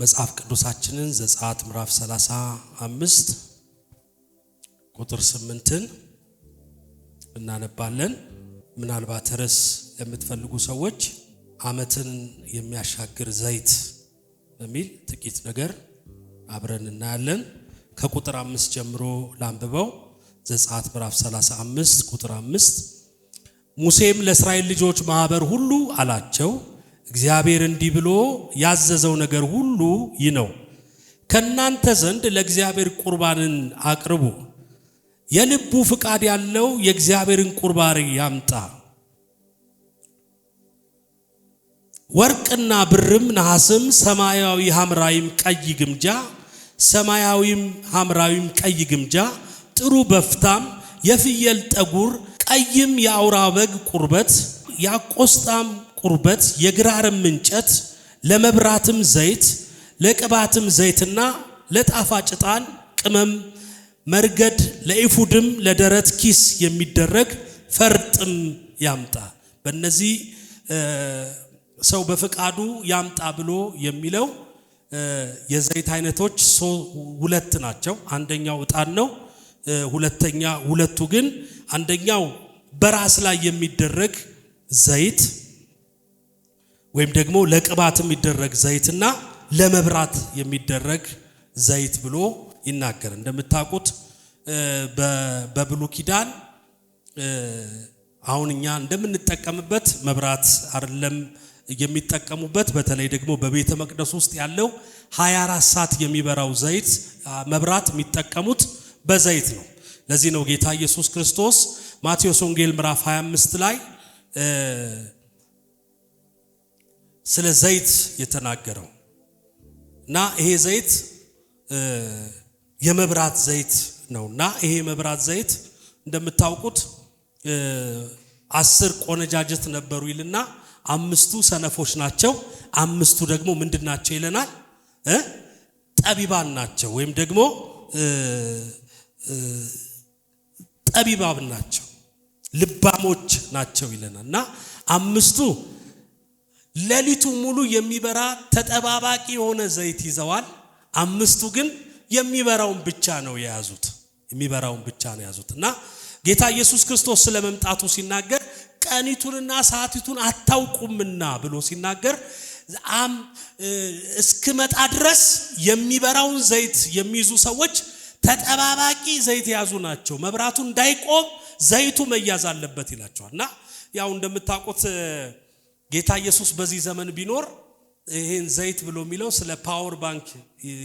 መጽሐፍ ቅዱሳችንን ዘጸአት ምዕራፍ 35 ቁጥር 8 እናነባለን። ምናልባት ርዕስ ለምትፈልጉ ሰዎች ዓመትን የሚያሻግር ዘይት በሚል ጥቂት ነገር አብረን እናያለን። ከቁጥር አምስት ጀምሮ ላንብበው። ዘጸአት ምዕራፍ 35 ቁጥር አምስት ሙሴም ለእስራኤል ልጆች ማኅበር ሁሉ አላቸው እግዚአብሔር እንዲህ ብሎ ያዘዘው ነገር ሁሉ ይህ ነው። ከእናንተ ዘንድ ለእግዚአብሔር ቁርባንን አቅርቡ። የልቡ ፍቃድ ያለው የእግዚአብሔርን ቁርባን ያምጣ። ወርቅና ብርም ነሐስም ሰማያዊ ሐምራዊም ቀይ ግምጃ ሰማያዊም ሐምራዊም ቀይ ግምጃ ጥሩ በፍታም የፍየል ጠጉር ቀይም የአውራ በግ ቁርበት ያቆስጣም ቁርበት፣ የግራርም እንጨት፣ ለመብራትም ዘይት፣ ለቅባትም ዘይትና ለጣፋጭ ዕጣን ቅመም መርገድ፣ ለኢፉድም ለደረት ኪስ የሚደረግ ፈርጥም ያምጣ። በእነዚህ ሰው በፈቃዱ ያምጣ ብሎ የሚለው የዘይት አይነቶች ሁለት ናቸው። አንደኛው ዕጣን ነው። ሁለተኛ ሁለቱ ግን አንደኛው በራስ ላይ የሚደረግ ዘይት ወይም ደግሞ ለቅባት የሚደረግ ዘይትና ለመብራት የሚደረግ ዘይት ብሎ ይናገር። እንደምታውቁት በብሉ ኪዳን አሁን እኛ እንደምንጠቀምበት መብራት አይደለም የሚጠቀሙበት። በተለይ ደግሞ በቤተ መቅደስ ውስጥ ያለው 24 ሰዓት የሚበራው ዘይት መብራት የሚጠቀሙት በዘይት ነው። ለዚህ ነው ጌታ ኢየሱስ ክርስቶስ ማቴዎስ ወንጌል ምዕራፍ 25 ላይ ስለ ዘይት የተናገረው እና ይሄ ዘይት የመብራት ዘይት ነው እና ይሄ የመብራት ዘይት እንደምታውቁት አስር ቆነጃጀት ነበሩ ይልና አምስቱ ሰነፎች ናቸው፣ አምስቱ ደግሞ ምንድን ናቸው ይለናል ጠቢባን ናቸው ወይም ደግሞ ጠቢባብ ናቸው ልባሞች ናቸው ይለናል እና አምስቱ ሌሊቱ ሙሉ የሚበራ ተጠባባቂ የሆነ ዘይት ይዘዋል። አምስቱ ግን የሚበራውን ብቻ ነው የያዙት። የሚበራውን ብቻ ነው የያዙት እና ጌታ ኢየሱስ ክርስቶስ ስለ መምጣቱ ሲናገር ቀኒቱንና ሰዓቲቱን አታውቁምና ብሎ ሲናገር አም እስክመጣ ድረስ የሚበራውን ዘይት የሚይዙ ሰዎች ተጠባባቂ ዘይት የያዙ ናቸው። መብራቱ እንዳይቆም ዘይቱ መያዝ አለበት ይላቸዋል እና ያው እንደምታውቁት ጌታ ኢየሱስ በዚህ ዘመን ቢኖር ይህን ዘይት ብሎ የሚለው ስለ ፓወር ባንክ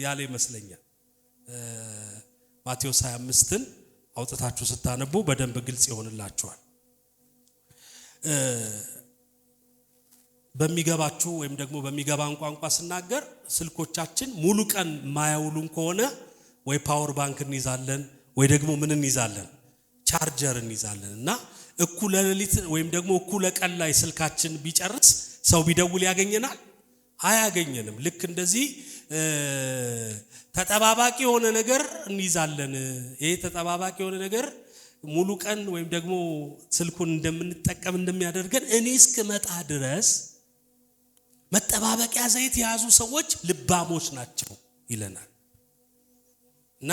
ያለ ይመስለኛል። ማቴዎስ 25ን አውጥታችሁ ስታነቡ በደንብ ግልጽ ይሆንላችኋል። በሚገባችሁ ወይም ደግሞ በሚገባን ቋንቋ ስናገር ስልኮቻችን ሙሉ ቀን ማያውሉን ከሆነ ወይ ፓወር ባንክ እንይዛለን ወይ ደግሞ ምን እንይዛለን ቻርጀር እንይዛለን እና እኩለ ሌሊት ወይም ደግሞ እኩለ ቀን ላይ ስልካችን ቢጨርስ ሰው ቢደውል ያገኘናል? አያገኘንም። ልክ እንደዚህ ተጠባባቂ የሆነ ነገር እንይዛለን። ይሄ ተጠባባቂ የሆነ ነገር ሙሉ ቀን ወይም ደግሞ ስልኩን እንደምንጠቀም እንደሚያደርገን እኔ እስክመጣ ድረስ መጠባበቂያ ዘይት የያዙ ሰዎች ልባሞች ናቸው ይለናል እና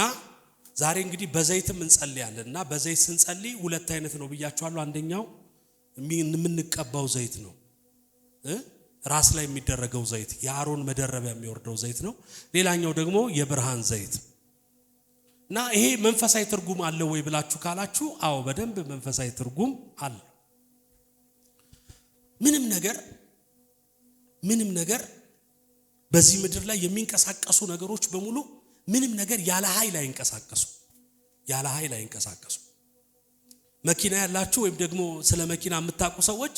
ዛሬ እንግዲህ በዘይትም እንጸልያለን እና በዘይት ስንጸልይ ሁለት አይነት ነው ብያችኋለሁ። አንደኛው የምንቀባው ዘይት ነው ራስ ላይ የሚደረገው ዘይት የአሮን መደረቢያ የሚወርደው ዘይት ነው። ሌላኛው ደግሞ የብርሃን ዘይት እና ይሄ መንፈሳዊ ትርጉም አለው ወይ ብላችሁ ካላችሁ፣ አዎ በደንብ መንፈሳዊ ትርጉም አለ። ምንም ነገር ምንም ነገር በዚህ ምድር ላይ የሚንቀሳቀሱ ነገሮች በሙሉ ምንም ነገር ያለ ኃይል አይንቀሳቀሱ። ያለ ኃይል አይንቀሳቀሱ። መኪና ያላችሁ ወይም ደግሞ ስለ መኪና የምታውቁ ሰዎች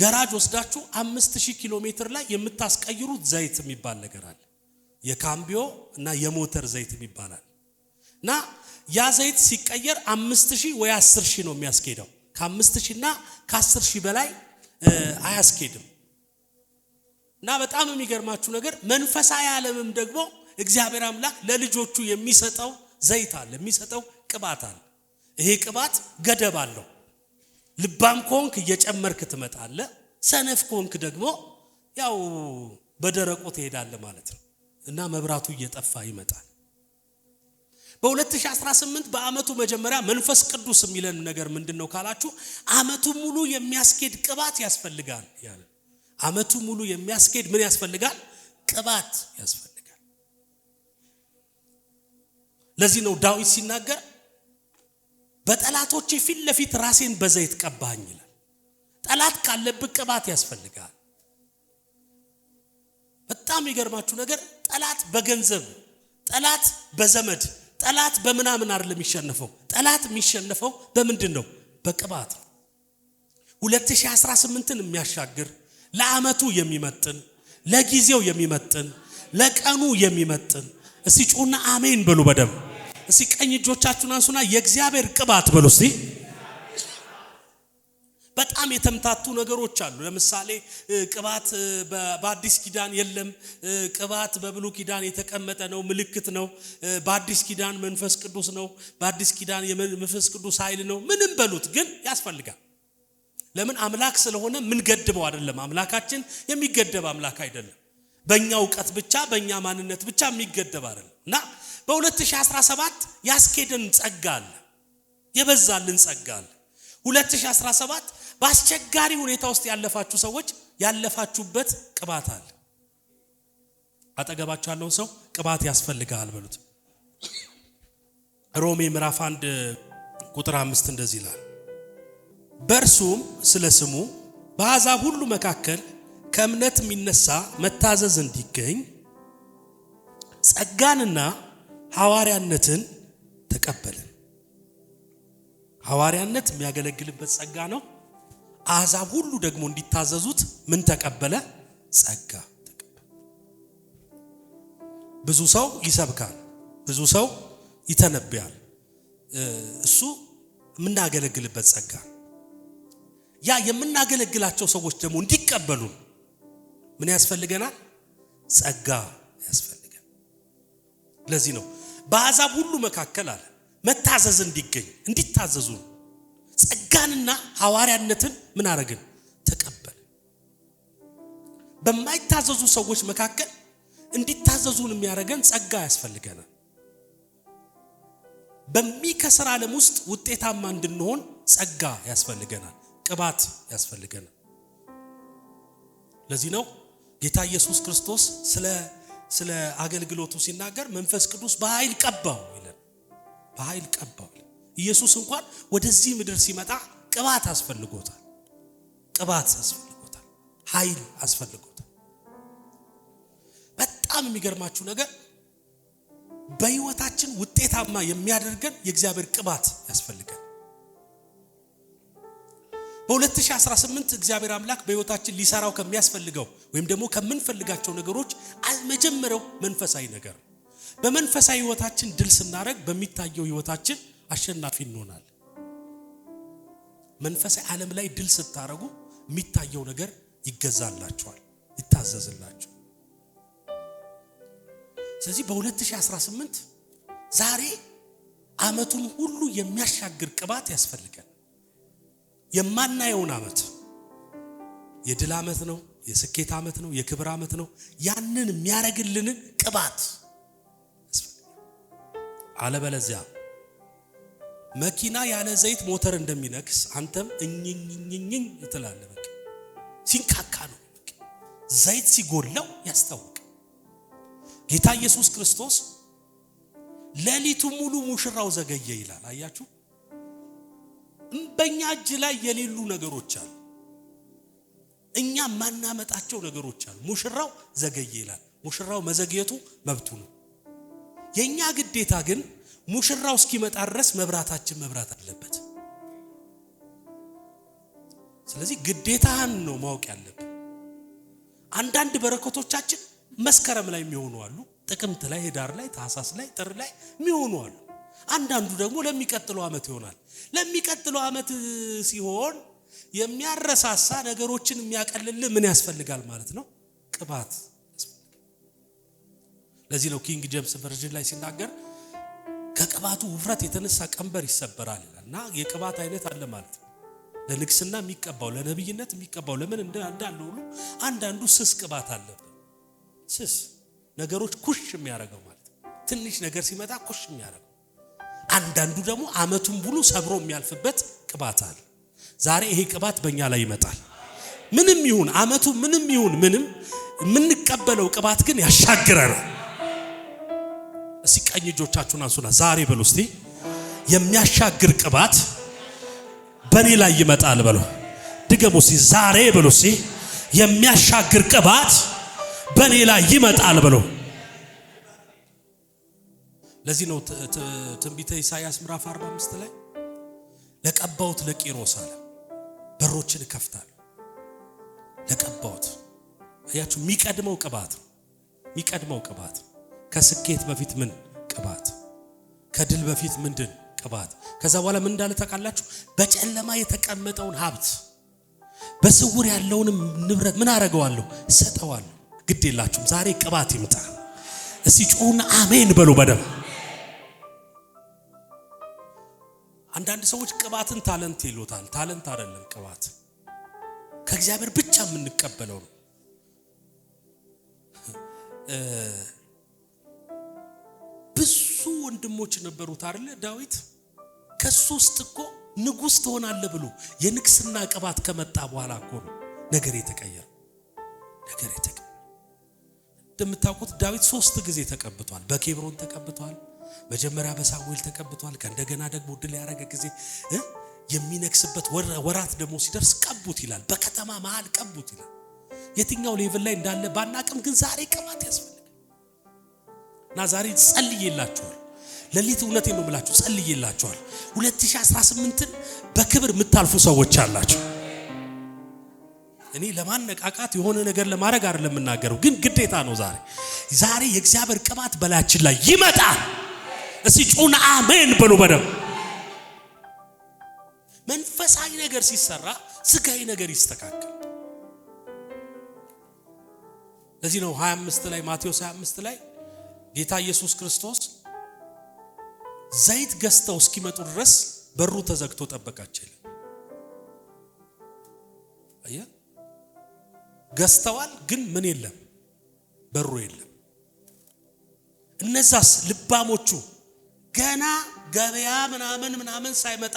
ገራጅ ወስዳችሁ አምስት ሺህ ኪሎ ሜትር ላይ የምታስቀይሩት ዘይት የሚባል ነገር አለ። የካምቢዮ እና የሞተር ዘይት የሚባላል እና ያ ዘይት ሲቀየር አምስት ሺህ ወይ አስር ሺህ ነው የሚያስኬደው። ከአምስት ሺህ እና ከአስር ሺህ በላይ አያስኬድም። እና በጣም የሚገርማችሁ ነገር መንፈሳዊ ዓለምም ደግሞ እግዚአብሔር አምላክ ለልጆቹ የሚሰጠው ዘይት አለ፣ የሚሰጠው ቅባት አለ። ይሄ ቅባት ገደብ አለው። ልባም ከሆንክ እየጨመርክ ትመጣለ፣ ሰነፍ ከሆንክ ደግሞ ያው በደረቁ ትሄዳለ ማለት ነው እና መብራቱ እየጠፋ ይመጣል። በ2018 በአመቱ መጀመሪያ መንፈስ ቅዱስ የሚለን ነገር ምንድን ነው ካላችሁ፣ አመቱ ሙሉ የሚያስኬድ ቅባት ያስፈልጋል ያለ። አመቱ ሙሉ የሚያስኬድ ምን ያስፈልጋል? ቅባት ያስፈልጋል። ለዚህ ነው ዳዊት ሲናገር በጠላቶቼ ፊት ለፊት ራሴን በዘይት ቀባኝ ይላል። ጠላት ካለብህ ቅባት ያስፈልጋል። በጣም የገርማችሁ ነገር ጠላት በገንዘብ ጠላት በዘመድ ጠላት በምናምን አይደለም የሚሸነፈው። ጠላት የሚሸነፈው በምንድን ነው? በቅባት ነው። 2018ን የሚያሻግር ለአመቱ የሚመጥን ለጊዜው የሚመጥን ለቀኑ የሚመጥን እስቲ ጩና አሜን በሉ በደም እስቲ ቀኝ እጆቻችሁን አንሱና የእግዚአብሔር ቅባት በሉ። እስቲ በጣም የተምታቱ ነገሮች አሉ። ለምሳሌ ቅባት በአዲስ ኪዳን የለም፣ ቅባት በብሉ ኪዳን የተቀመጠ ነው፣ ምልክት ነው። በአዲስ ኪዳን መንፈስ ቅዱስ ነው፣ በአዲስ ኪዳን የመንፈስ ቅዱስ ኃይል ነው። ምንም በሉት ግን ያስፈልጋል። ለምን አምላክ ስለሆነ ምን ገድበው አይደለም። አምላካችን የሚገደብ አምላክ አይደለም። በእኛ እውቀት ብቻ በእኛ ማንነት ብቻ የሚገደብ አይደለም እና በ2017 ያስኬደን ጸጋል የበዛልን ጸጋል 2017 በአስቸጋሪ ሁኔታ ውስጥ ያለፋችሁ ሰዎች ያለፋችሁበት ቅባት አለ። አጠገባችሁ ያለውን ሰው ቅባት ያስፈልጋል በሉት። ሮሜ ምዕራፍ 1 ቁጥር 5 እንደዚህ ይላል በእርሱም ስለ ስሙ በአሕዛብ ሁሉ መካከል ከእምነት የሚነሳ መታዘዝ እንዲገኝ ጸጋንና ሐዋርያነትን ተቀበልን። ሐዋርያነት የሚያገለግልበት ጸጋ ነው። አሕዛብ ሁሉ ደግሞ እንዲታዘዙት ምን ተቀበለ? ጸጋ ተቀበለ። ብዙ ሰው ይሰብካል፣ ብዙ ሰው ይተነብያል። እሱ የምናገለግልበት ጸጋ ያ የምናገለግላቸው ሰዎች ደግሞ እንዲቀበሉ ምን ያስፈልገናል? ጸጋ ያስፈልገን። ለዚህ ነው በአሕዛብ ሁሉ መካከል አለ መታዘዝ እንዲገኝ እንዲታዘዙ ነው። ጸጋንና ሐዋርያነትን ምን አረግን ተቀበል። በማይታዘዙ ሰዎች መካከል እንዲታዘዙን የሚያደርገን ጸጋ ያስፈልገናል። በሚከስር ዓለም ውስጥ ውጤታማ እንድንሆን ጸጋ ያስፈልገናል፣ ቅባት ያስፈልገናል። ለዚህ ነው ጌታ ኢየሱስ ክርስቶስ ስለ ስለ አገልግሎቱ ሲናገር መንፈስ ቅዱስ በኃይል ቀባው ይላል። በኃይል ቀባው ኢየሱስ እንኳን ወደዚህ ምድር ሲመጣ ቅባት አስፈልጎታል። ቅባት አስፈልጎታል። ኃይል አስፈልጎታል። በጣም የሚገርማችሁ ነገር በህይወታችን ውጤታማ የሚያደርገን የእግዚአብሔር ቅባት ያስፈልጋል። በ2018 እግዚአብሔር አምላክ በህይወታችን ሊሰራው ከሚያስፈልገው ወይም ደግሞ ከምንፈልጋቸው ነገሮች መጀመሪያው መንፈሳዊ ነገር በመንፈሳዊ ህይወታችን ድል ስናደርግ በሚታየው ህይወታችን አሸናፊ እንሆናል። መንፈሳዊ ዓለም ላይ ድል ስታደርጉ የሚታየው ነገር ይገዛላችኋል፣ ይታዘዝላችሁ። ስለዚህ በ2018 ዛሬ አመቱን ሁሉ የሚያሻግር ቅባት ያስፈልጋል። የማናየውን አመት የድል አመት ነው። የስኬት ዓመት ነው፣ የክብር ዓመት ነው። ያንን የሚያደርግልንን ቅባት አለበለዚያ መኪና ያለ ዘይት ሞተር እንደሚነክስ አንተም እኝኝኝኝኝ ትላለህ። ሲንካካ ነው። ዘይት ሲጎላው ያስታውቅ። ጌታ ኢየሱስ ክርስቶስ ሌሊቱ ሙሉ ሙሽራው ዘገየ ይላል። አያችሁ፣ በእኛ እጅ ላይ የሌሉ ነገሮች አሉ። እኛ ማናመጣቸው ነገሮች አሉ። ሙሽራው ዘገየ ይላል። ሙሽራው መዘግየቱ መብቱ ነው። የእኛ ግዴታ ግን ሙሽራው እስኪመጣ ድረስ መብራታችን መብራት አለበት። ስለዚህ ግዴታህን ነው ማወቅ ያለብን። አንዳንድ በረከቶቻችን መስከረም ላይ የሚሆኑ አሉ፣ ጥቅምት ላይ፣ ህዳር ላይ፣ ታህሳስ ላይ፣ ጥር ላይ የሚሆኑ አሉ። አንዳንዱ ደግሞ ለሚቀጥለው ዓመት ይሆናል። ለሚቀጥለው ዓመት ሲሆን የሚያረሳሳ ነገሮችን የሚያቀልል ምን ያስፈልጋል ማለት ነው? ቅባት። ለዚህ ነው ኪንግ ጄምስ ቨርዥን ላይ ሲናገር ከቅባቱ ውፍረት የተነሳ ቀንበር ይሰበራል እና የቅባት አይነት አለ ማለት ነው። ለንግስና የሚቀባው ለነብይነት የሚቀባው ለምን እንዳለ ሁሉ አንዳንዱ ስስ ቅባት አለበት። ስስ ነገሮች ኩሽ የሚያደርገው ማለት ነው። ትንሽ ነገር ሲመጣ ኩሽ የሚያደርገው አንዳንዱ ደግሞ አመቱን ሙሉ ሰብሮ የሚያልፍበት ቅባት አለ። ዛሬ ይሄ ቅባት በእኛ ላይ ይመጣል። ምንም ይሁን አመቱ፣ ምንም ይሁን ምንም፣ የምንቀበለው ቅባት ግን ያሻግረናል። እስቲ ቀኝ እጆቻችሁን አንሱና ዛሬ በሉ እስቲ የሚያሻግር ቅባት በኔ ላይ ይመጣል በሉ። ድገሙ እስቲ ዛሬ በሉ እስቲ የሚያሻግር ቅባት በኔ ላይ ይመጣል በሉ። ለዚህ ነው ትንቢተ ኢሳይያስ ምዕራፍ 45 ላይ ለቀባውት ለቂሮስ አለ በሮችን እከፍታለሁ ለቀባሁት። አያችሁ፣ የሚቀድመው ቅባት ነው። የሚቀድመው ቅባት ከስኬት በፊት ምን ቅባት፣ ከድል በፊት ምንድን ቅባት። ከዛ በኋላ ምን እንዳለ ታውቃላችሁ? በጨለማ የተቀመጠውን ሀብት በስውር ያለውንም ንብረት ምን አደርገዋለሁ? ሰጠዋለሁ። ግድ የላችሁም። ዛሬ ቅባት ይምጣ። እስቲ ጩሁና አሜን በሉ በደንብ አንዳንድ ሰዎች ቅባትን ታለንት ይሉታል። ታለንት አይደለም ቅባት ከእግዚአብሔር ብቻ የምንቀበለው ነው። ብዙ ወንድሞች ነበሩት አይደለ? ዳዊት ከሱ ውስጥ እኮ ንጉሥ ትሆናለ ብሎ የንግስና ቅባት ከመጣ በኋላ እኮ ነው ነገር የተቀየረ። ነገር የተቀየረ እንደምታውቁት ዳዊት ሶስት ጊዜ ተቀብቷል። በኬብሮን ተቀብቷል። መጀመሪያ በሳሙኤል ተቀብቷል። ከእንደገና ደግሞ ድል ያደረገ ጊዜ የሚነግስበት ወራት ደግሞ ሲደርስ ቀቡት ይላል። በከተማ መሃል ቀቡት ይላል። የትኛው ሌቭል ላይ እንዳለ ባናቅም፣ ግን ዛሬ ቅባት ያስፈልጋል እና ዛሬ ጸልዬላችኋል። ሌሊት እውነቴ ነው የምላችሁ ጸልዬላችኋል። 2018ን በክብር የምታልፉ ሰዎች አላችሁ። እኔ ለማነቃቃት የሆነ ነገር ለማድረግ አይደለም የምናገረው፣ ግን ግዴታ ነው። ዛሬ ዛሬ የእግዚአብሔር ቅባት በላያችን ላይ ይመጣል። እስቲ ጩና አሜን በሉ በደም መንፈሳዊ ነገር ሲሰራ ስጋዊ ነገር ይስተካከል። ለዚህ ነው 25 ላይ ማቴዎስ 25 ላይ ጌታ ኢየሱስ ክርስቶስ ዘይት ገዝተው እስኪመጡ ድረስ በሩ ተዘግቶ ጠበቃቸው ይላል። ገዝተዋል፣ ግን ምን የለም በሩ የለም። እነዛስ ልባሞቹ ገና ገበያ ምናምን ምናምን ሳይመጣ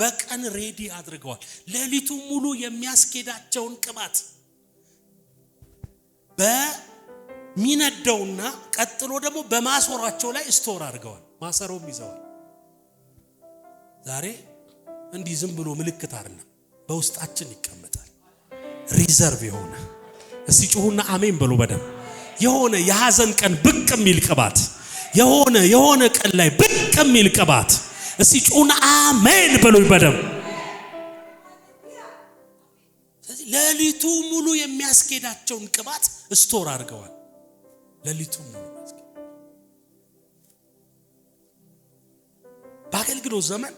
በቀን ሬዲ አድርገዋል። ሌሊቱ ሙሉ የሚያስኬዳቸውን ቅባት በሚነደውና ቀጥሎ ደግሞ በማሰሯቸው ላይ ስቶር አድርገዋል። ማሰሮም ይዘዋል። ዛሬ እንዲህ ዝም ብሎ ምልክት አይደለም፣ በውስጣችን ይቀመጣል። ሪዘርቭ የሆነ እስቲ ጩሁና አሜን በሉ በደም የሆነ የሐዘን ቀን ብቅ የሚል ቅባት የሆነ የሆነ ቀን ላይ ብቅ ድርቅ የሚል ቅባት። እስቲ ጩና አሜን በሉኝ በደም ለሊቱ ሙሉ የሚያስኬዳቸውን ቅባት ስቶር አድርገዋል። ለሊቱ ሙሉ በአገልግሎት ዘመን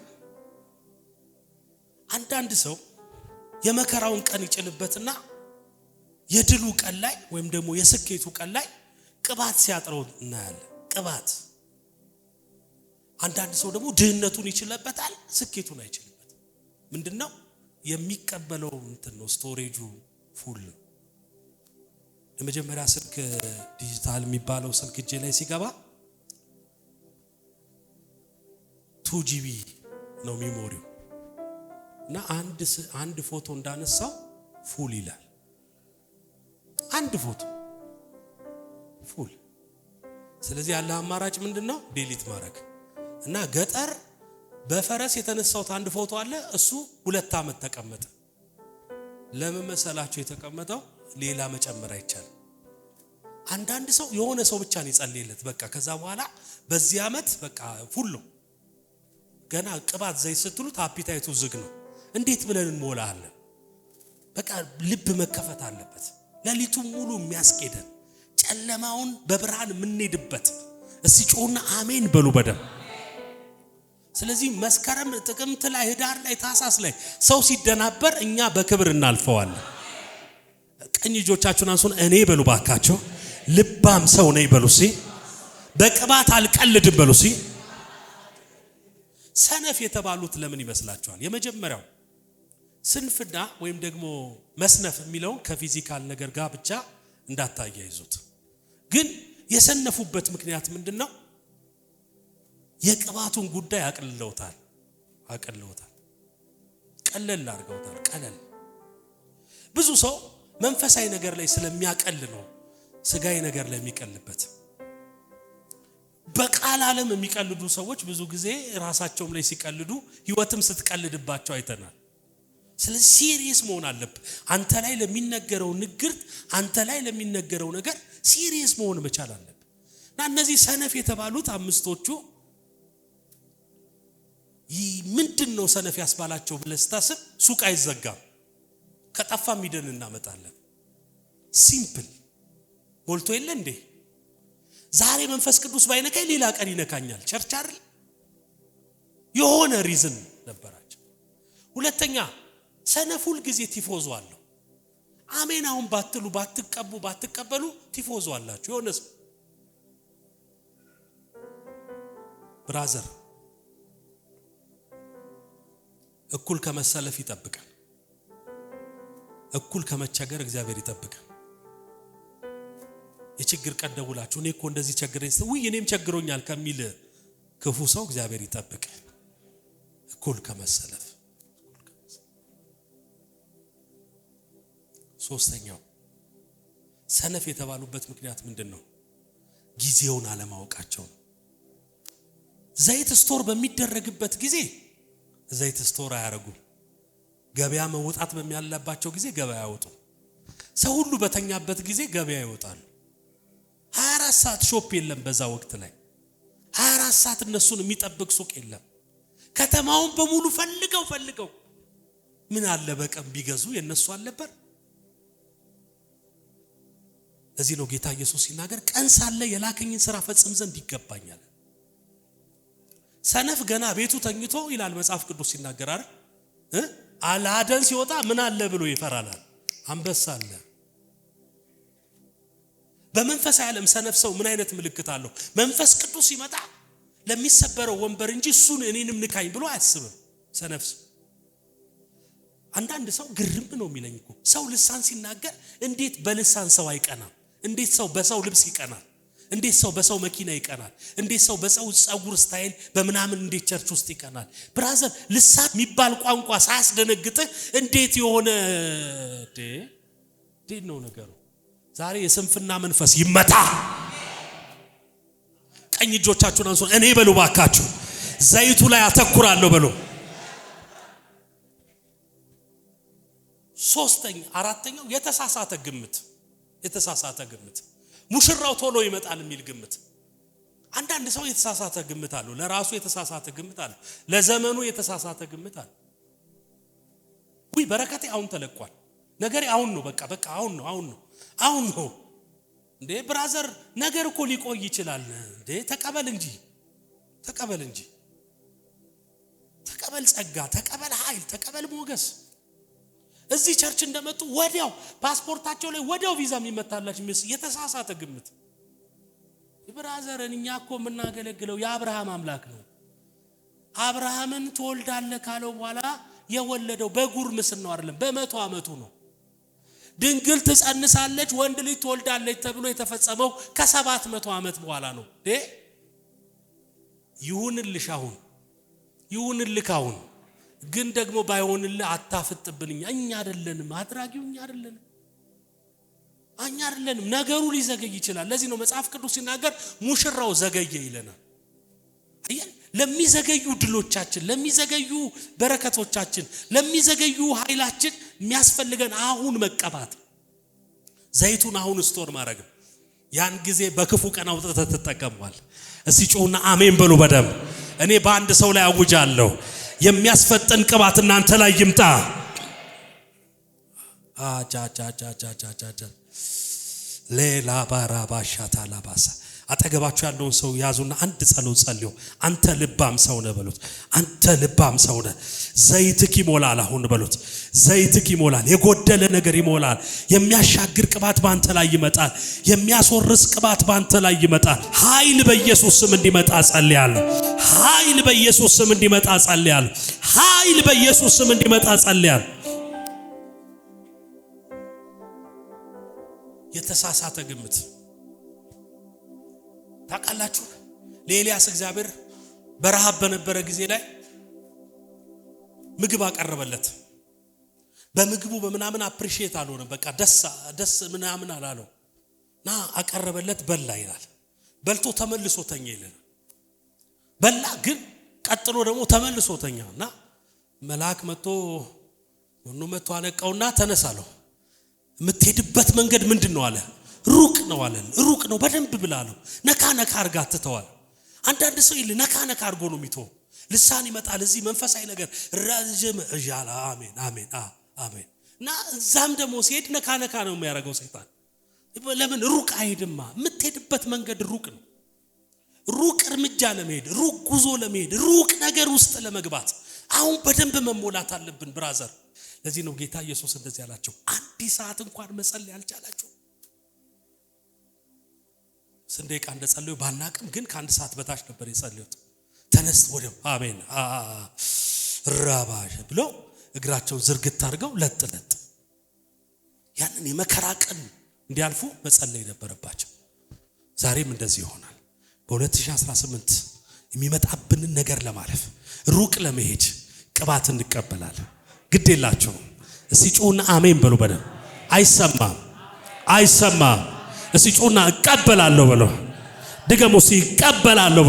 አንዳንድ ሰው የመከራውን ቀን ይጭንበትና የድሉ ቀን ላይ ወይም ደግሞ የስኬቱ ቀን ላይ ቅባት ሲያጥረው እናያለን። ቅባት አንዳንድ ሰው ደግሞ ድህነቱን ይችልበታል ስኬቱን አይችልበትም። ምንድን ነው የሚቀበለው? እንትን ነው ስቶሬጁ ፉል ነው። የመጀመሪያ ስልክ ዲጂታል የሚባለው ስልክ እጄ ላይ ሲገባ ቱ ጂቢ ነው ሚሞሪው እና አንድ ፎቶ እንዳነሳው ፉል ይላል። አንድ ፎቶ ፉል። ስለዚህ ያለ አማራጭ ምንድን ነው? ዴሊት ማድረግ እና ገጠር በፈረስ የተነሳሁት አንድ ፎቶ አለ። እሱ ሁለት ዓመት ተቀመጠ። ለምን መሰላችሁ የተቀመጠው? ሌላ መጨመር አይቻልም። አንዳንድ ሰው የሆነ ሰው ብቻ ነው ይጸልይለት፣ በቃ ከዛ በኋላ በዚህ ዓመት በቃ ፉል ነው። ገና ቅባት ዘይት ስትሉት አፒታይቱ ዝግ ነው። እንዴት ብለን እንሞላለን? በቃ ልብ መከፈት አለበት። ሌሊቱ ሙሉ የሚያስኬደን ጨለማውን በብርሃን የምንሄድበት። እስቲ ጮና አሜን በሉ በደም ስለዚህ መስከረም፣ ጥቅምት ላይ፣ ህዳር ላይ፣ ታህሳስ ላይ ሰው ሲደናበር እኛ በክብር እናልፈዋለን። ቀኝ እጆቻችሁን አንሱን። እኔ በሉ ባካቸው ልባም ሰው ነኝ በሉ ሲ በቅባት አልቀልድም በሉ ሲ ሰነፍ የተባሉት ለምን ይመስላችኋል? የመጀመሪያው ስንፍና ወይም ደግሞ መስነፍ የሚለውን ከፊዚካል ነገር ጋር ብቻ እንዳታያይዙት። ግን የሰነፉበት ምክንያት ምንድን ነው? የቅባቱን ጉዳይ አቅልለውታል አቅልለውታል ቀለል አድርገውታል። ቀለል ብዙ ሰው መንፈሳዊ ነገር ላይ ስለሚያቀል ነው ስጋዊ ነገር ላይ የሚቀልበት። በቃል ዓለም የሚቀልዱ ሰዎች ብዙ ጊዜ ራሳቸውም ላይ ሲቀልዱ ህይወትም ስትቀልድባቸው አይተናል። ስለዚህ ሲሪየስ መሆን አለብ አንተ ላይ ለሚነገረው ንግርት፣ አንተ ላይ ለሚነገረው ነገር ሲሪየስ መሆን መቻል አለብ። እና እነዚህ ሰነፍ የተባሉት አምስቶቹ ምንድን ነው ሰነፍ ያስባላቸው ብለህ ስታስብ ሱቅ አይዘጋም። ከጠፋ ሚደን እናመጣለን። ሲምፕል ጎልቶ የለ እንዴ? ዛሬ መንፈስ ቅዱስ ባይነካኝ ሌላ ቀን ይነካኛል። ቸርች አይደል? የሆነ ሪዝን ነበራቸው። ሁለተኛ ሰነፍ ሁል ጊዜ ቲፎዞ አለው። አሜን አሁን ባትሉ ባትቀቡ ባትቀበሉ ቲፎዞ አላችሁ። የሆነ ሰው ብራዘር እኩል ከመሰለፍ ይጠብቃል። እኩል ከመቸገር እግዚአብሔር ይጠብቃል። የችግር ቀን ደውላችሁ እኔ እኮ እንደዚህ ቸግረኝ ውይ እኔም ቸግሮኛል ከሚል ክፉ ሰው እግዚአብሔር ይጠብቃል። እኩል ከመሰለፍ ሶስተኛው ሰነፍ የተባሉበት ምክንያት ምንድን ነው? ጊዜውን አለማወቃቸው ነው። ዘይት ስቶር በሚደረግበት ጊዜ ዘይት ስቶር አያደርጉም። ገበያ መውጣት በሚያለባቸው ጊዜ ገበያ አይወጡም። ሰው ሁሉ በተኛበት ጊዜ ገበያ ይወጣሉ። 24 ሰዓት ሾፕ የለም። በዛ ወቅት ላይ 24 ሰዓት እነሱን የሚጠብቅ ሱቅ የለም። ከተማውን በሙሉ ፈልገው ፈልገው ምን አለ በቀን ቢገዙ የነሱ አልነበር። ለዚህ ነው ጌታ ኢየሱስ ሲናገር ቀን ሳለ የላከኝን ስራ ፈጽም ዘንድ ይገባኛል። ሰነፍ ገና ቤቱ ተኝቶ ይላል መጽሐፍ ቅዱስ ሲናገር አይደል አላደን ሲወጣ ምን አለ ብሎ ይፈራላል። አንበሳ አለ። በመንፈሳዊ ዓለም ሰነፍ ሰው ምን አይነት ምልክት አለው? መንፈስ ቅዱስ ሲመጣ ለሚሰበረው ወንበር እንጂ እሱን እኔንም ንካኝ ብሎ አያስብም። ሰነፍ ሰው አንዳንድ ሰው ግርም ነው የሚለኝ እኮ ሰው ልሳን ሲናገር እንዴት በልሳን ሰው አይቀናም? እንዴት ሰው በሰው ልብስ ይቀናል? እንዴት ሰው በሰው መኪና ይቀናል? እንዴት ሰው በሰው ጸጉር ስታይል በምናምን እንዴት ቸርች ውስጥ ይቀናል? ብራዘር ልሳን የሚባል ቋንቋ ሳያስደነግጥህ እንዴት የሆነ እንዴት ነው ነገሩ? ዛሬ የስንፍና መንፈስ ይመታ። ቀኝ እጆቻችሁን አንሶ እኔ በሉ ባካችሁ ዘይቱ ላይ አተኩራለሁ በሉ። ሶስተኛ አራተኛው የተሳሳተ ግምት የተሳሳተ ግምት ሙሽራው ቶሎ ይመጣል የሚል ግምት። አንዳንድ ሰው የተሳሳተ ግምት አለው። ለራሱ የተሳሳተ ግምት አለው። ለዘመኑ የተሳሳተ ግምት አለው። ውይ በረከቴ አሁን ተለቋል፣ ነገሬ አሁን ነው፣ በቃ በቃ አሁን ነው፣ አሁን ነው፣ አሁን ነው። እንዴ ብራዘር፣ ነገር እኮ ሊቆይ ይችላል። እንዴ ተቀበል እንጂ ተቀበል እንጂ ተቀበል ጸጋ፣ ተቀበል ኃይል፣ ተቀበል ሞገስ እዚህ ቸርች እንደመጡ ወዲያው ፓስፖርታቸው ላይ ወዲያው ቪዛ የሚመታላችሁ ሚስ የተሳሳተ ግምት። ብራዘርን እኛ እኮ የምናገለግለው የአብርሃም አምላክ ነው። አብርሃምን ትወልዳለህ ካለው በኋላ የወለደው በጉርምስና ነው አይደለም፣ በመቶ ዓመቱ ነው። ድንግል ትጸንሳለች ወንድ ልጅ ትወልዳለች ተብሎ የተፈጸመው ከሰባት መቶ ዓመት በኋላ ነው። ይሁንልሽ አሁን ይሁንልክ አሁን ግን ደግሞ ባይሆንልህ አታፍጥብንኛ። እኛ አይደለንም፣ አድራጊው እኛ አይደለንም፣ እኛ አይደለንም። ነገሩ ሊዘገይ ይችላል። ለዚህ ነው መጽሐፍ ቅዱስ ሲናገር ሙሽራው ዘገየ ይለናል። ለሚዘገዩ ድሎቻችን፣ ለሚዘገዩ በረከቶቻችን፣ ለሚዘገዩ ኃይላችን የሚያስፈልገን አሁን መቀባት፣ ዘይቱን አሁን ስቶር ማድረግ፣ ያን ጊዜ በክፉ ቀን አውጥተህ ትጠቀመዋል። እስቲ አሜን በሉ በደም እኔ በአንድ ሰው ላይ አውጃለሁ። የሚያስፈጥን ቅባት እናንተ ላይ ይምጣ። ሌላ ባራባሻ ታላባሳ አጠገባችሁ ያለውን ሰው ያዙና አንድ ጸሎት ጸልዩ። አንተ ልባም ሰው ነህ በሉት። አንተ ልባም ሰው ነህ ዘይትክ ይሞላል አሁን በሉት። ዘይትክ ይሞላል። የጎደለ ነገር ይሞላል። የሚያሻግር ቅባት ባንተ ላይ ይመጣል። የሚያስወርስ ቅባት ባንተ ላይ ይመጣል። ኃይል በኢየሱስ ስም እንዲመጣ ጸልያለሁ። ኃይል በኢየሱስ ስም እንዲመጣ ጸልያለሁ። ኃይል በኢየሱስ ስም እንዲመጣ ጸልያለሁ። የተሳሳተ ግምት ታውቃላችሁ። ለኤልያስ እግዚአብሔር በረሃብ በነበረ ጊዜ ላይ ምግብ አቀረበለት። በምግቡ በምናምን አፕሪሺየት አልሆነም። በቃ ደስ ምናምን አላለው ና አቀረበለት በላ ይላል። በልቶ ተመልሶ ተኛ ይልል በላ ግን ቀጥሎ ደግሞ ተመልሶ ተኛ እና መልአክ መጥቶ ሁኑ መጥቶ አነቃውና ተነሳለሁ የምትሄድበት መንገድ ምንድን ነው አለ። ሩቅ ነው አለ። ሩቅ ነው በደንብ ብላ ነው። ነካ ነካ አርጋ ትተዋል። አንዳንድ ሰው ይል ነካ ነካ አርጎ ነው የሚተው። ልሳን ይመጣል። እዚህ መንፈሳዊ ነገር ረጅም እዣላ አሜን አሜን አሜን። እና እዛም ደግሞ ሲሄድ ነካ ነካ ነው የሚያደርገው ሰይጣን። ለምን ሩቅ አይሄድማ? የምትሄድበት መንገድ ሩቅ ነው። ሩቅ እርምጃ ለመሄድ ሩቅ ጉዞ ለመሄድ ሩቅ ነገር ውስጥ ለመግባት አሁን በደንብ መሞላት አለብን ብራዘር። ለዚህ ነው ጌታ ኢየሱስ እንደዚህ ያላቸው፣ አንዲት ሰዓት እንኳን መጸለይ አልቻላችሁ። ስንት ደቂቃ እንደጸለዩ ባናቅም ግን ከአንድ ሰዓት በታች ነበር የጸለዩት። ተነስ ወደ አሜን ራባሽ ብሎ እግራቸውን ዝርግት አድርገው ለጥ ለጥ ያንን የመከራ ቀን እንዲያልፉ መጸለይ ነበረባቸው። ዛሬም እንደዚህ ይሆናል። በ2018 የሚመጣብንን ነገር ለማለፍ ሩቅ ለመሄድ ቅባት እንቀበላለን። ግድ የላቸውም። እስቲ ጩና አሜን በሉ። በደም አይሰማም፣ አይሰማም። እስቲ ጩና እቀበላለሁ በሎ ድገሞ እስቲ እቀበላለሁ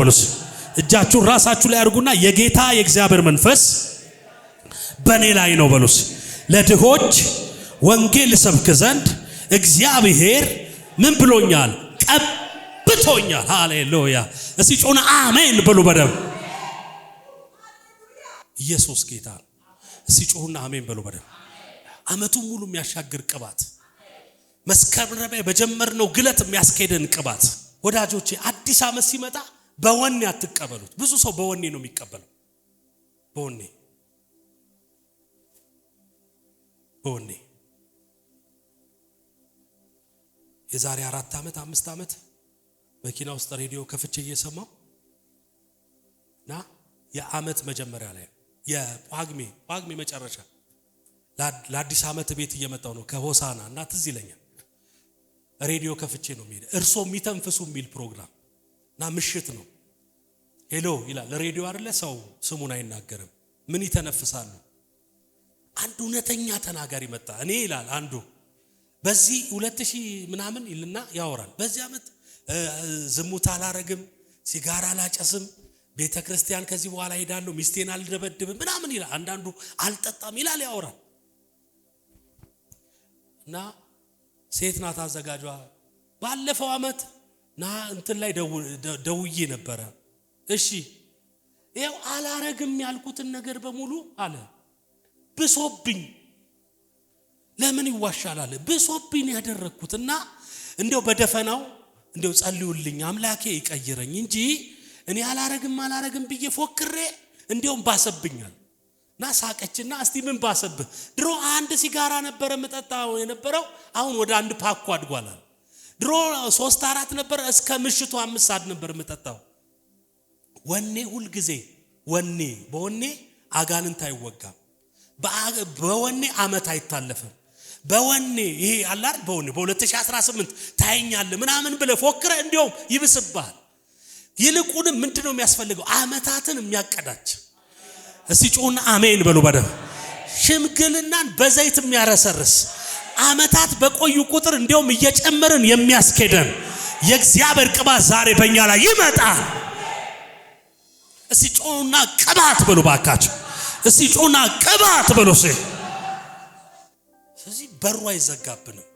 እጃችሁን ራሳችሁ ላይ አድርጉና የጌታ የእግዚአብሔር መንፈስ በእኔ ላይ ነው በሉስ። ለድሆች ወንጌል ልሰብክ ዘንድ እግዚአብሔር ምን ብሎኛል? ቀብቶኛል። ሃሌሉያ! እስቲ ጮና አሜን በሉ በደም ኢየሱስ ጌታ ነው። እስቲ ጮና አሜን በሉ በደም አመቱን ሙሉ የሚያሻግር ቅባት መስከረም በጀመርነው ግለት የሚያስኬደን ቅባት ወዳጆቼ፣ አዲስ አመት ሲመጣ በወኔ አትቀበሉት። ብዙ ሰው በወኔ ነው የሚቀበለው። በወኔ በወኔ የዛሬ አራት ዓመት አምስት ዓመት መኪና ውስጥ ሬዲዮ ከፍቼ እየሰማው እና የዓመት መጀመሪያ ላይ የጳጉሜ ጳጉሜ መጨረሻ ለአዲስ ዓመት ቤት እየመጣው ነው ከሆሳና እና ትዝ ይለኛል። ሬዲዮ ከፍቼ ነው የሚሄደ እርሶ የሚተንፍሱ የሚል ፕሮግራም እና ምሽት ነው ሄሎ ይላል ሬዲዮ አይደለ ሰው ስሙን አይናገርም። ምን ይተነፍሳሉ? አንድ እውነተኛ ተናጋሪ መጣ። እኔ ይላል አንዱ በዚህ ሁለት ሺህ ምናምን ይልና ያወራል። በዚህ ዓመት ዝሙት አላረግም፣ ሲጋራ አላጨስም፣ ቤተ ክርስቲያን ከዚህ በኋላ ሄዳለሁ፣ ሚስቴን አልደበድብም ምናምን ይላል። አንዳንዱ አልጠጣም ይላል፣ ያወራል። እና ሴት ናት አዘጋጇ። ባለፈው ዓመት ና እንትን ላይ ደውዬ ነበረ። እሺ ይኸው አላረግም ያልኩትን ነገር በሙሉ አለ ብሶብኝ ለምን ይዋሻላል? ብሶብኝ ነው ያደረግኩትና በደፈናው እንደው ጸልዩልኝ አምላኬ ይቀይረኝ እንጂ እኔ አላረግም አላረግም ብዬ ፎክሬ እንዲያውም ባሰብኛል። ና ሳቀችና እስቲ ምን ባሰብህ? ድሮ አንድ ሲጋራ ነበረ የምጠጣው የነበረው አሁን ወደ አንድ ፓኩ አድጓላል። ድሮ ሶስት አራት ነበር እስከ ምሽቱ አምስት ሰዓት ነበር ምጠጣው ወኔ ሁልጊዜ ወኔ በወኔ አጋንንት አይወጋም። በወኔ አመት አይታለፍም። በወኔ ይሄ አላር በወኔ በ2018 ታየኛለህ ምናምን ብለህ ፎክረህ እንዲያውም ይብስብሃል። ይልቁንም ምንድን ነው የሚያስፈልገው? አመታትን የሚያቀዳች እስቲ ጩሁና አሜን በሉ። በደም ሽምግልናን በዘይት የሚያረሰርስ አመታት በቆዩ ቁጥር እንዲያውም እየጨመርን የሚያስኬደን የእግዚአብሔር ቅባት ዛሬ በእኛ ላይ ይመጣል። እስቲ ጮና ቅባት በሉ ባካችሁ። እስቲ ጩና ቅባት በሎ ስለዚህ በሩ አይዘጋብንም፣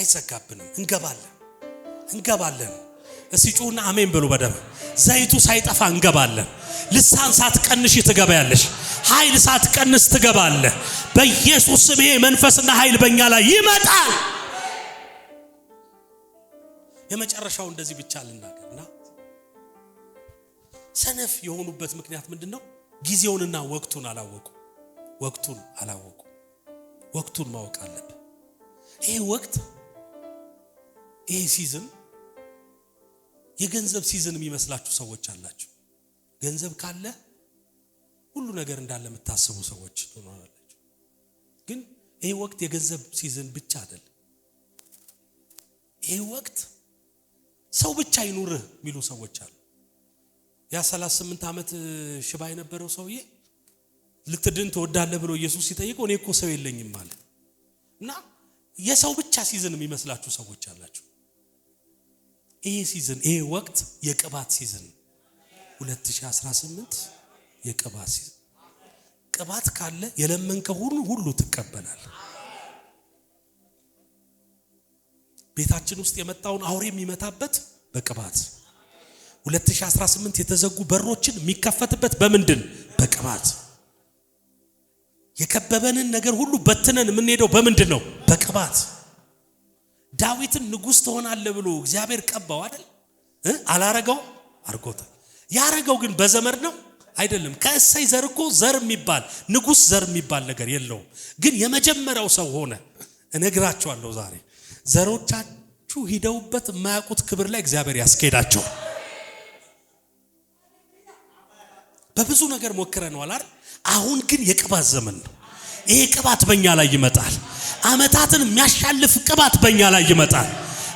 አይዘጋብንም። እንገባለን፣ እንገባለን። እስቲ ጩና አሜን ብሎ በደም ዘይቱ ሳይጠፋ እንገባለን። ልሳን ሳትቀንሽ ትገባያለሽ። ኃይል ሳትቀንስ ትገባለ። በኢየሱስ ስም ይሄ መንፈስና ኃይል በእኛ ላይ ይመጣል። የመጨረሻው እንደዚህ ብቻ ልናገርና ሰነፍ የሆኑበት ምክንያት ምንድን ነው? ጊዜውንና ወቅቱን አላወቁ ወቅቱን አላወቁ ወቅቱን ማወቅ አለብ ይሄ ወቅት ይሄ ሲዝን የገንዘብ ሲዝን የሚመስላችሁ ሰዎች አላችሁ። ገንዘብ ካለ ሁሉ ነገር እንዳለ የምታስቡ ሰዎች ትሆናላችሁ። ግን ይህ ወቅት የገንዘብ ሲዝን ብቻ አይደለም። ይህ ወቅት ሰው ብቻ ይኑርህ የሚሉ ሰዎች አሉ። ያ 38 ዓመት ሽባ የነበረው ሰውዬ ልትድን ትወዳለ ብሎ ኢየሱስ ሲጠይቀው እኔ እኮ ሰው የለኝም ማለት እና የሰው ብቻ ሲዝን የሚመስላችሁ ሰዎች አላችሁ። ይሄ ሲዝን ይሄ ወቅት የቅባት ሲዝን 2018 የቅባት ሲዝን። ቅባት ካለ የለመንከው ሁሉ ሁሉ ትቀበላል። ቤታችን ውስጥ የመጣውን አውሬ የሚመታበት በቅባት 2018 የተዘጉ በሮችን የሚከፈትበት በምንድን በቅባት የከበበንን ነገር ሁሉ በትነን የምንሄደው በምንድን ነው? በቅባት ዳዊትን ንጉሥ ትሆናለህ ብሎ እግዚአብሔር ቀባው አይደል? አላረገው አርጎታል። ያረገው ግን በዘመር ነው አይደለም። ከእሰይ ዘር እኮ ዘር የሚባል ንጉሥ ዘር የሚባል ነገር የለውም። ግን የመጀመሪያው ሰው ሆነ። እነግራቸዋለሁ ዛሬ ዘሮቻችሁ ሂደውበት የማያውቁት ክብር ላይ እግዚአብሔር ያስኬዳቸዋል። በብዙ ነገር ሞክረነዋል አይደል? አሁን ግን የቅባት ዘመን ነው። ይሄ ቅባት በእኛ ላይ ይመጣል። አመታትን የሚያሻልፍ ቅባት በእኛ ላይ ይመጣል።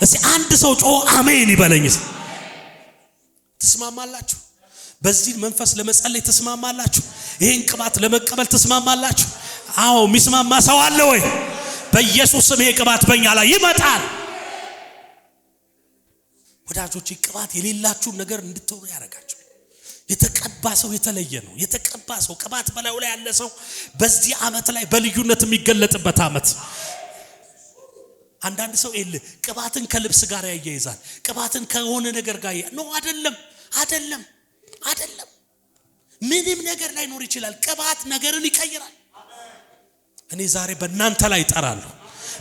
እስኪ አንድ ሰው ጮ አሜን ይበለኝ። ትስማማላችሁ? በዚህ መንፈስ ለመጸለይ ትስማማላችሁ? ይህን ቅባት ለመቀበል ትስማማላችሁ? አዎ። የሚስማማ ሰው አለ ወይ? በኢየሱስ ስም ይሄ ቅባት በእኛ ላይ ይመጣል። ወዳጆች፣ ቅባት የሌላችሁን ነገር እንድትሆኑ ያደርጋችሁ። የተቀባ ሰው የተለየ ነው። የተቀባ ሰው ቅባት በላዩ ላይ ያለ ሰው በዚህ ዓመት ላይ በልዩነት የሚገለጥበት ዓመት። አንዳንድ ሰው የለ ቅባትን ከልብስ ጋር ያያይዛል። ቅባትን ከሆነ ነገር ጋር ኖ አይደለም፣ አይደለም፣ አይደለም። ምንም ነገር ላይኖር ይችላል። ቅባት ነገርን ይቀይራል። እኔ ዛሬ በእናንተ ላይ እጠራለሁ።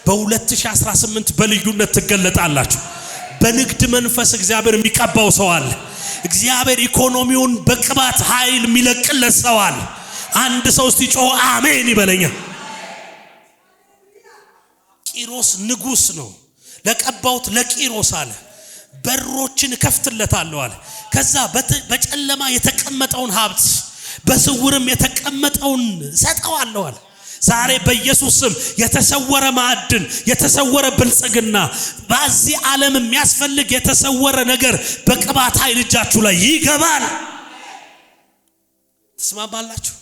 በ2018 በልዩነት ትገለጣላችሁ። በንግድ መንፈስ እግዚአብሔር የሚቀባው ሰው አለ። እግዚአብሔር ኢኮኖሚውን በቅባት ኃይል የሚለቅለት ሰው አለ። አንድ ሰው እስቲ ጮ አሜን ይበለኛ። ቂሮስ ንጉሥ ነው። ለቀባውት ለቂሮስ አለ በሮችን እከፍትለታለሁ አለ። ከዛ በጨለማ የተቀመጠውን ሀብት በስውርም የተቀመጠውን ሰጠዋለሁ አለ። ዛሬ በኢየሱስ ስም የተሰወረ ማዕድን፣ የተሰወረ ብልጽግና፣ በዚህ ዓለም የሚያስፈልግ የተሰወረ ነገር በቅባት ኃይል እጃችሁ ላይ ይገባል። ትስማማላችሁ?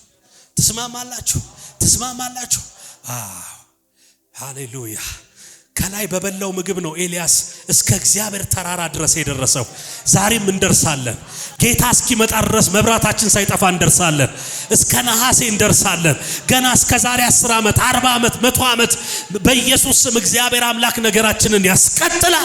ትስማማላችሁ? ትስማማላችሁ? ሃሌሉያ ከላይ በበላው ምግብ ነው ኤልያስ እስከ እግዚአብሔር ተራራ ድረስ የደረሰው። ዛሬም እንደርሳለን። ጌታ እስኪመጣ ድረስ መብራታችን ሳይጠፋ እንደርሳለን። እስከ ነሐሴ እንደርሳለን። ገና እስከ ዛሬ 10 ዓመት፣ 40 ዓመት፣ 100 ዓመት በኢየሱስ ስም እግዚአብሔር አምላክ ነገራችንን ያስቀጥላል።